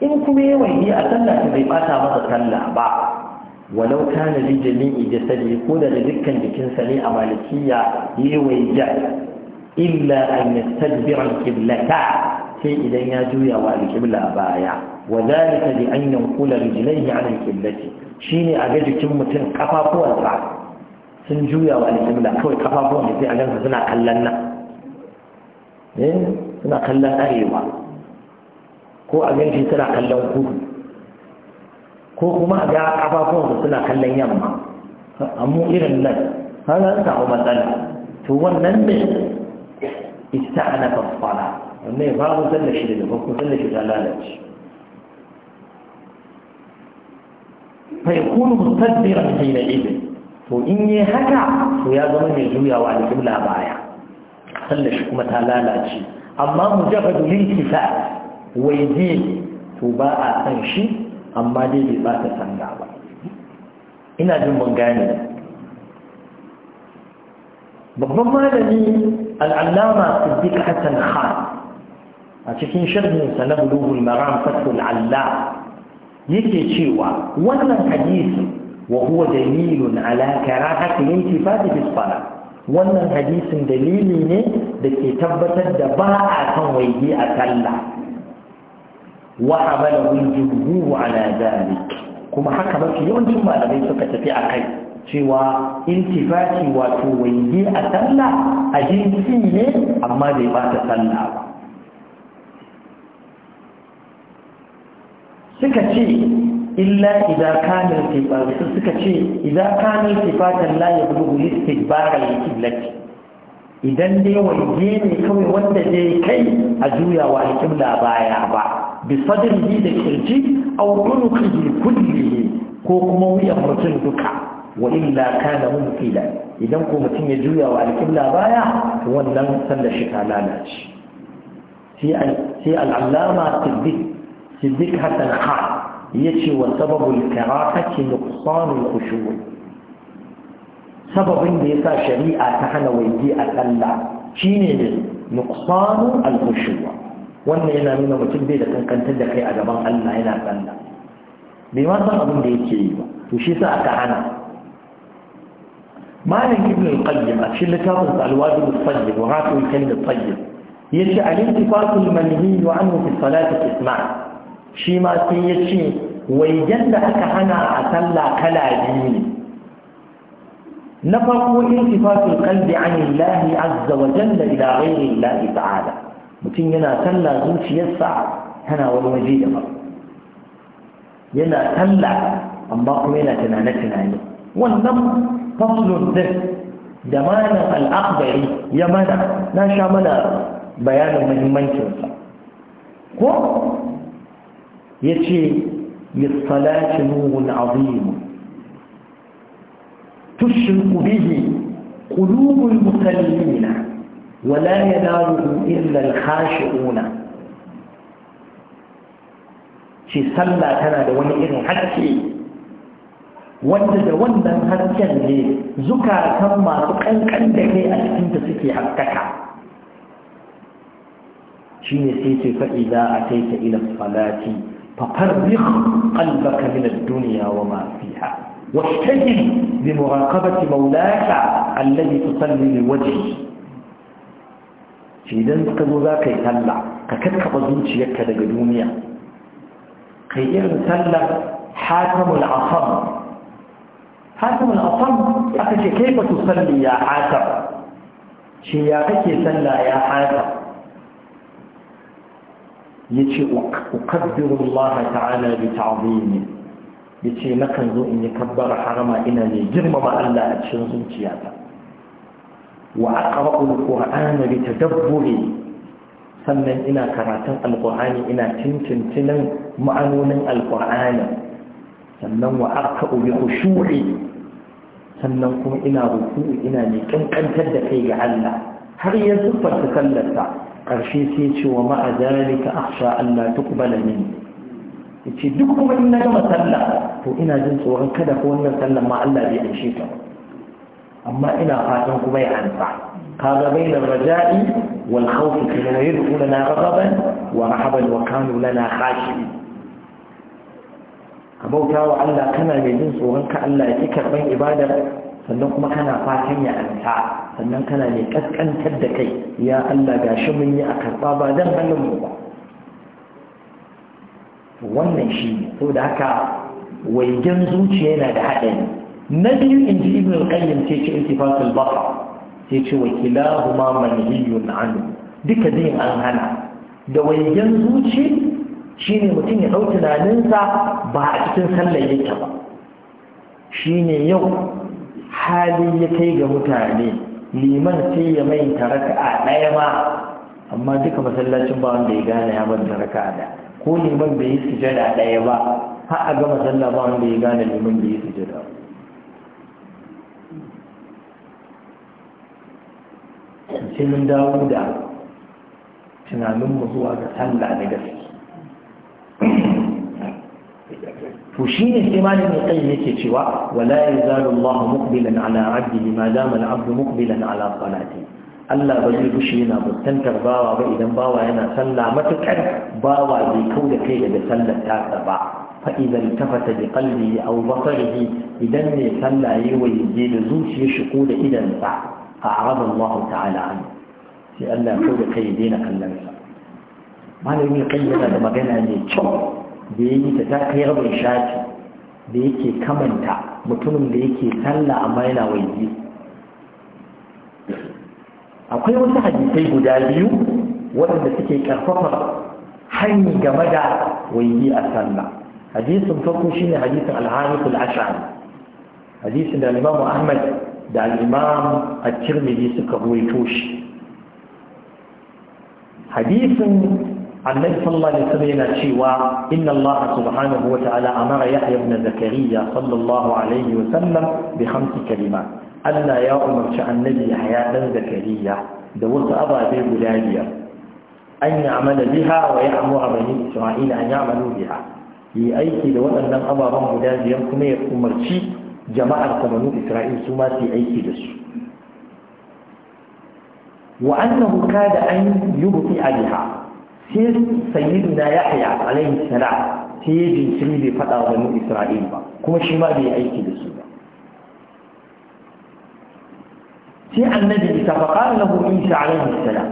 in kuma ya waige a sallah ta bai bata masa sallah ba walau kana li jami'i da sani ko da dukkan jikinsa ne a malikiya yi waige illa an yastadbira al-qiblata sai idan ya juya wa alƙibla qibla baya وذلك بأن ينقل رجليه عن القبلة شيني أجد كم متن كفافو أسعى سنجويا والإسلام لا كوي كفافو أسعى أجد سنة كلنا Suna كلنا arewa? ko a ganshi suna kallon kudu ko kuma a ga kafafuwansa suna kallon yamma amma irin nan har an samu matsala to wannan ne ita ana kafara wannan ya sallar shi da farko sallar shi ta lalace fa yakunu mustadbiran hayna ibn to in yi haka to ya zama mai juyawa alƙibla baya sallar shi kuma ta lalace amma mujarradu lintifa waje to ba a san shi amma dai bai ba ta sanda ba ina jin mun gane babban malami al'allama siddiq hassan khan a cikin sharhinsa na bulughul maram fathul allah yake cewa wannan hadisi wa huwa dalilun ala karahati intifadi bis salat wannan hadisin dalili ne da ke tabbatar da ba a kan waige a sallah wa hamalahu al ala dhalik kuma haka mafi yawancin malamai suka tafi a kai cewa intifati wato waige a sallah a jinsi ne amma bai ba ta sallah ba suka ce illa idan kanin sifatu suka ce idan kanar sifatan la ya bulu istighbara ya kiblati idan dai waje ne kawai wanda zai kai a juyawa alƙibla baya ba bi sadrihi da kirji aw unuqihi kulle ko kuma wuyan mutum duka wa illa kana mumkila idan ko mutum ya juyawa alƙibla baya wannan sanda shi ta lalace sai al alama tabbi ذكرة الخاء يتي وسبب الكراهة نقصان الخشوع سبب ليس شريعة تحن ويدي أتلا شيني نقصان الخشوع وانا هنا من متبدي لكن كنت يا أجبان ألا هنا أتلا بما سبب ليس وشيسا ما مالك ابن القيم أكشي اللي كابلت الواجب الطيب وغاتوا الكلم الطيب يجي الانتفاق المنهي عنه في الصلاة الإسماع shi ma sai ya ce waigen da aka hana a sallah kala biyu ne na farko iltifatul qalbi an illahi azza da jalla ila lahi ta'ala mutum yana sallah zuciyarsa tana wani waje da ba yana sallah amma kuma yana tunane tunane wannan faslun din da manan al ya mana na sha mana bayanin muhimmancinsa ko ya ce mitsalashi nuhun azimu tushin ubihi kulubun mutalina wala ya daru illal hashi una ce salla tana da wani irin haske wanda da wannan harken ne zukatan masu kankan da kai a cikin ta suke haskaka shi ne sai ce za a kai ta ila falati ففرق قلبك من الدنيا وما فيها واشتجل لمراقبة مولاك الذي تصلي لوجهه شيدان تقضوا ذاك يتلع ككتك قضيك يكذا قدوميا خير تلع حاكم العصر حاكم العصر أكتش كيف تصلي يا حاكم شياكك يتلع يا حاكم yace ukabbiru ta'ala bi ta'zimi yace nakan zo in yi kabbara harama ina ne girmama Allah a cikin zuciyata wa aqra'u al bi tadabburi sannan ina karatun alqur'ani ina tintintinan ma'anonin alqur'ani sannan wa arka'u bi khushu'i sannan kuma ina ruku'u ina ne kankantar da kai ga Allah har yanzu farka Karshe sai ce wa ka zalika Allah duk balamin. yace duk kuma in na gama sallah to ina jin tsoron kada ko wannan sallar ma Allah bai amshe ta amma ina fatan kuma ya amsa kaga bainar raja'i wal khawf kana yadkhuluna raghaban wa rahaban wa kanu lana khashi'in abauta wa Allah kana mai jin tsoron ka Allah ya ki karban ibadar sannan kuma kana fatan ya anta sannan kana ne kaskantar da kai ya Allah shi mun yi a karba ba zan hannun mu ba wannan shi to da haka waigen zuciya yana da haɗari na biyu in ji ibn al-qayyim ce ce iltifatul basar sai ce wa kilahuma manhiyun anhu duka biyun an hana da waigen zuci shine mutum ya ɗau tunaninsa ba a cikin sallar yake ba shine yau hali ya kai ga mutane liman sai ya mai taraka a ɗaya ma amma duka masallacin ba wanda ya gane ya taraka a da ko liman bai yi sujada ɗaya ba har a ga masalla ba wanda ya gane liman bai yi sujada sai mun dawo da tunaninmu zuwa ga sallah da gaske to shi ne sai malamin kai yake cewa wala yazalu Allah muqbilan ala abdi ma dama al-abd muqbilan ala salati Allah ba zai fushi yana mutantar bawa ba idan bawa yana sallah matukar bawa zai kau da kai daga sallar ta ba fa idan tafata bi qalbi aw basarihi idan ne sallah wa yaje da zuciyar shi ko da idan sa a'rada Allah ta'ala an sai Allah kau da kai daina kallon sa malamin kai yana da magana ne kyau da ya yi ta ta kai rabin shafi da yake kamanta mutumin da yake sallah amma yana waje akwai wasu hadisai guda biyu waɗanda suke ƙarfafar hanyi game da waje a sallah hadisin farko shine hadisin al-harith al-ash'ari hadisin da al-imam ahmad da al-imam at-tirmidhi suka ruwaito shi hadisin annabi sallallahu alaihi wasallam yana cewa inna Allah subhanahu wa ta'ala amara Yahya ibn Zakariya sallallahu alaihi wasallam bi khamsi kalimat Allah ya umarci annabi Yahya dan Zakariya da wasu ababe guda biyar an ya'mala biha wa ya'muru bani Isra'ila an ya'malu biha yi aiki da waɗannan ababen guda biyar kuma ya umarci jama'ar banu Isra'il su ma su yi aiki da su وأنه كاد أن يبطئ sai sayyidina yahya alaihi salam sai ya jinkiri bai faɗa wa banu isra'il ba kuma shi ma bai aiki da su ba sai annabi isa fa qala lahu isa alaihi salam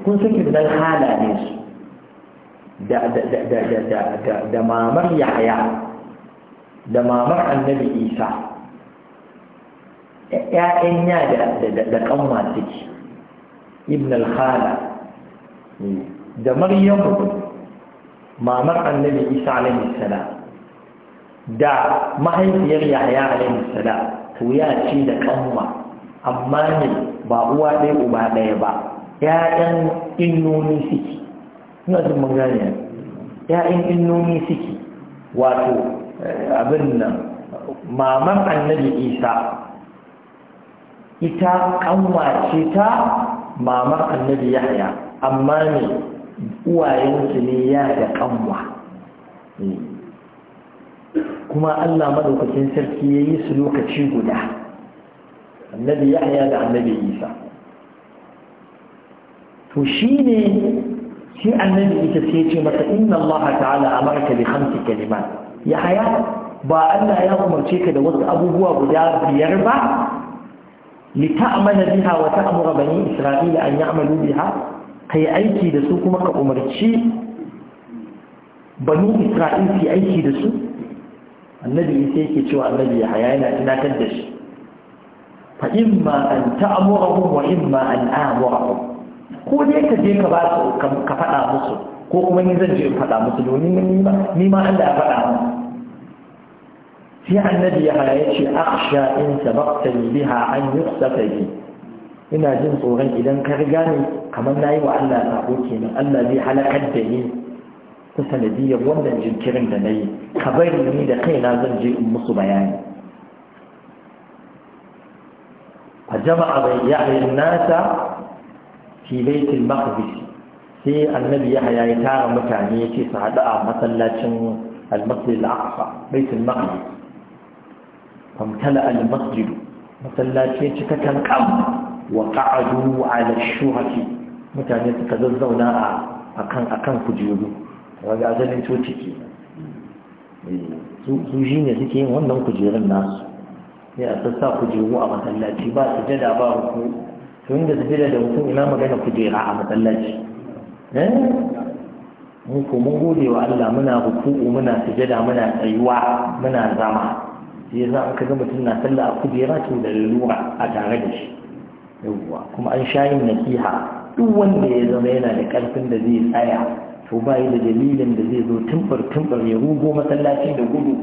kun san idan halaye su da da da da da da da mamar yahya da mamar annabi isa ‘ya'yan ya da ƙanwa suke ibn al-khala hmm. da maryamu mamar annabi isa alaihi salam da mahaifiyar yahaya alaihi salam to ya ce da kanwa amma ne ba uwa ɗaya uba ɗaya ba ‘ya'yan innoni suke ina jin mun gane ‘ya'yan innoni suke wato eh, abin nan maman annabi isa ita kanwa ce ta maman annabi yahaya amma ne uwayensu ne ya da kanwa kuma Allah madaukakin sarki ya yi su lokaci guda annabi yahya da annabi isa to shine shi annabi ita sai ce masa inna Allah ta'ala amarka bi kalima kalimat yahya ba Allah ya umarce ka da wasu abubuwa guda biyar ba لتأمن بها وتأمر بني isra'ila an yamalu biha? Ka yi aiki da su kuma ka umarci banu isra'il su aiki da su annabi isa yake cewa annabi ya haya yana tunatar da shi fa in ma an ta'murahum wa ma an amurahum ko dai ka je ka ba su ka faɗa musu ko kuma ni zan je in faɗa musu domin ni ma ni ma Allah ya faɗa musu? sai annabi ya haya yace akhsha in sabaqtani biha an yusafani ina jin tsoron idan ka riga ni kamar na yi wa Allah sabo kenan Allah zai halakar da ni ta sanadiyar wannan jinkirin da na yi ka bari ni da kaina zan je in musu bayani a jama'a bai yahayin nasa fi baitul maqdis sai annabi yahaya ya tara mutane ya ce su haɗu a masallacin al-masjid al-aqsa baitul maqdis famtala al-masjid masallaci ya cika kan wa qa'adu ala shuhati mutane suka zazzauna a akan akan kujeru wanda azalin coci ke su shi ne suke yin wannan kujerun nasu sai a sassa kujeru a masallaci ba su jada ba ruku to inda su jada da mutum ina magana kujera a masallaci mun ko mun gode wa Allah muna ruku'u muna sujada muna tsayuwa muna zama sai yasa ka kaga mutum na sallah a kujera to da lura a tare da shi yawwa kuma an sha yin nasiha duk wanda ya zama yana da karfin da zai tsaya to yi da dalilin da zai zo tumbar tumbar ya rugo masallacin da gudu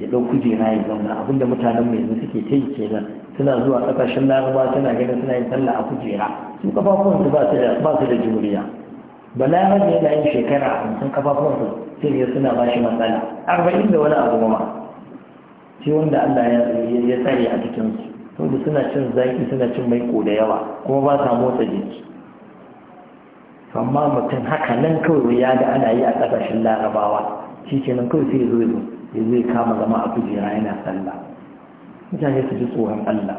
ya ɗau kujera ya zauna abinda mutanen mai yanzu suke ta yi kenan suna zuwa ƙasashen laraba suna gani suna yin sallah a kujera su kafafuwansu ba su da juriya balarabe yana yin shekara hamsin kafafuwansu sai ya suna ba shi matsala arba'in da wani abu ma sai wanda allah ya tsare a cikinsu wanda suna cin zaki suna cin maiko da yawa kuma ba sa motsa jiki amma mutum haka nan kawai ya da ana yi a ƙasashen larabawa shi nan kawai sai zo ya zai kama zama a kujera yana sallah mutane su ji tsoron allah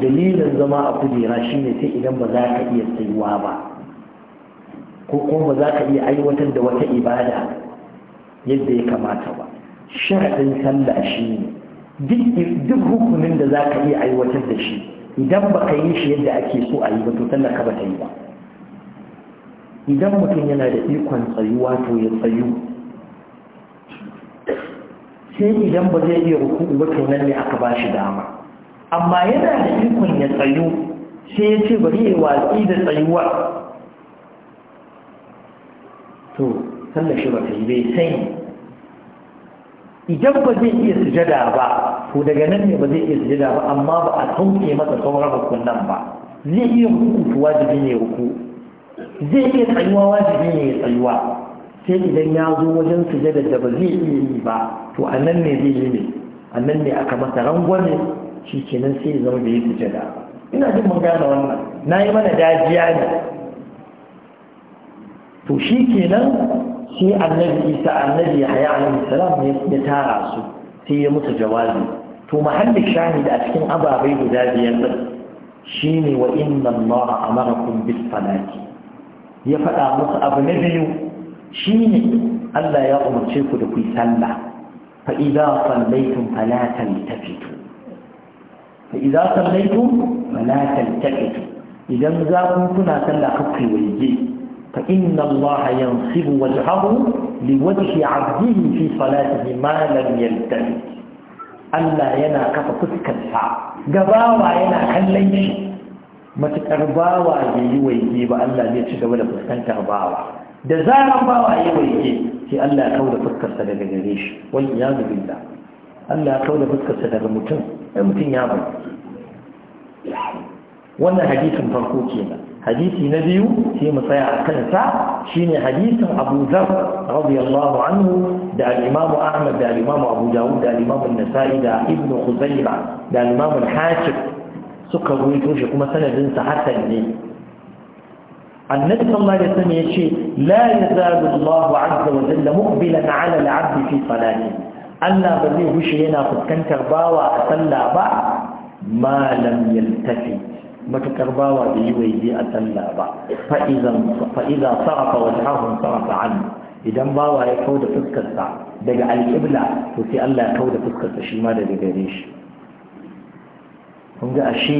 dalilin zama a kujera shine sai idan ba za ka iya tsayuwa ba ko kuma ba za ka iya aiwatar da wata ibada yadda ya kamata ba sharaɗin sallah shi ne duk hukumin da za ka iya aiwatar da shi idan ba ka yi shi yadda ake so a yi ba to sallar ka ba ta yi ba idan mutum yana da ikon tsayuwa to ya tsayu sai idan ba zai iya ruku'u ba to nan ne aka ba shi dama amma yana da ikon ya tsayu sai ya ce ba zai watsi da tsayuwa to sannan shi ba ta yi bai sai idan ba zai iya sujada ba ko daga nan ne ba zai iya sujada ba amma ba a sauke masa sauran rukunan ba zai iya hukunta wajibi ne ruku zai iya tsayuwa wajibi ne ya tsayuwa sai idan ya zo wajen sujada da ba zai iya yi ba to a nan ne zai yi ne a nan ne aka masa rangwame shi kenan sai ya zama da ya sujada ina jin mun gane wannan na yi mana dajiya ne to shi kenan sai annabi isa annabi haya alaihi salam ya tara su sai ya musu jawabi to mahallin da a cikin ababai guda biyar din shine wa inna allaha amarakum bis salati ya faɗa musu abu na biyu shine Allah ya umarce ku da ku yi sallah fa idza sallaytum fala taltafitu fa idza sallaytum fala taltafitu idan za ku kuna sallah ku kai waje فإن الله ينصب وجهه لوجه عبده في صلاته ما لم يلتفت ألا ينا كفتك الساعة قباوة ينا كالليش ما تترباوة يويجي بألا يتشد ولا فستان ترباوة دزارا باوة يويجي في ألا كول فتك سلد غريش والعياذ بالله ألا كول فتك سلد متن متن يابن wannan hadisin farko kenan حديثي نبيه في مصيع القنسة شيني حديث أبو ذر رضي الله عنه دع الإمام أحمد دع الإمام أبو داود دع الإمام النسائي دع ابن خزيبة دع الإمام الحاشق سكر قويت وشكما سنة دنسة حتى لدي النبي صلى الله عليه وسلم يشي لا يزال الله عز وجل مقبلا على العبد في صلاته ألا بذيه شيئنا قد كان ترباوى بعض ما لم يلتفت matukar bawa da yi waje a sallah ba fa'iza sarrafa wata harfin sarrafa hannu idan bawa ya kau da fuskarsa daga alƙibla to sai Allah ya kau da fuskarsa shi ma daga gare shi kun ga ashe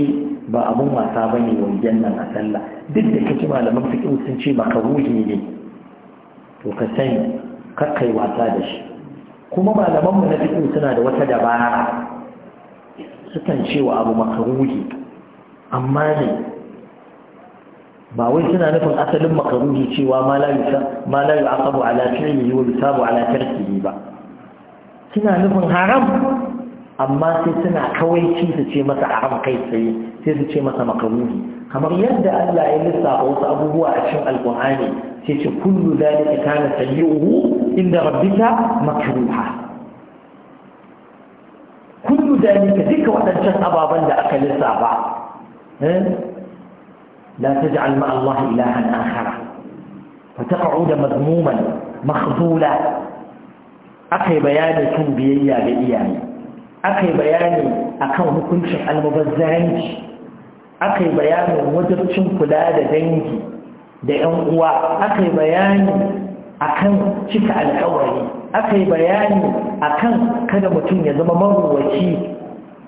ba abun wasa ba ne wajen nan a sallah duk da kake malaman fiƙin sun ce maka makaruhi ne to ka sani kakkai wasa da shi kuma malamanmu na fiƙin suna da wata dabara sukan ce wa abu maka makaruhi amma ne ba wai suna nufin asalin makaruhi cewa ma la yi ala fi'lihi wa yusabu ala tarkihi ba suna nufin haram amma sai suna kawaici su ce masa haram kai tsaye sai su ce masa makaruhi kamar yadda Allah ya lissafa wasu abubuwa a cikin alqur'ani sai ce kullu zalika kana sayyi'uhu inda rabbika makruha kullu dalika duka waɗancan ababen da aka lissafa لا تجعل مع الله إلها آخر فتقعد مذموما مخذولا أكي بياني كان بيئيا بإياني أكي بياني أكون كل شيء المبزرنج أكي بياني وجبتشن كلا دنجي da ‘yan uwa aka yi bayani a kan cika alkawari aka yi bayani a kan kada mutum ya zama maruwaci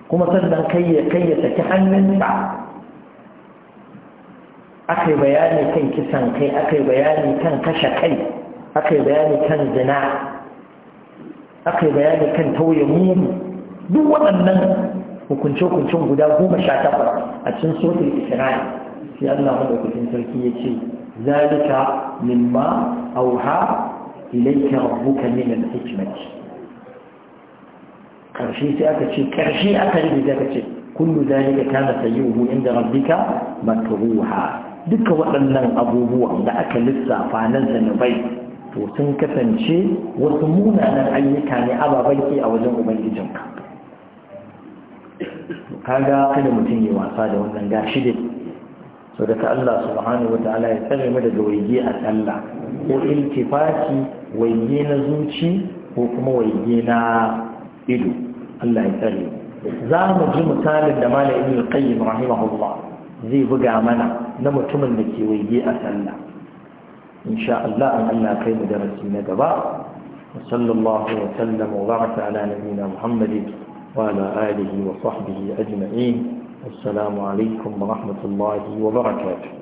kuma sannan kai ya saki hannunsa akai bayani kan kisan kai akai bayani kan kashe kai akai bayani kan zina akai bayani kan tauye mumu duk waɗannan hukunce-hukuncen guda goma sha takwas a cikin sotul isra'i sai allah madaukakin sarki ya ce zalika mimma auha ilaika rabbuka min al hikmah karshe sai aka ce karshe aka rubuta aka ce kullu zalika kana sayyuhu inda rabbika makruha duka waɗannan abubuwa da aka lissafa na zanubai to sun kasance wasu munanan ayyuka ne ababen a wajen ubangijinka kaga kada mutum ya wasa da wannan gashi dai so daga Allah subhanahu wataala ya tsare mu daga waige a sallah ko iltifati waige na zuci ko kuma waige na ido Allah ya tsare za mu ji misalin da malamin al-qayyim rahimahullah zai buga mana na mutumin da ke waige a sallah insha Allah an Allah kai mu darasi na gaba وصلى الله وسلم وبارك على نبينا محمد وعلى آله وصحبه أجمعين والسلام عليكم ورحمة الله وبركاته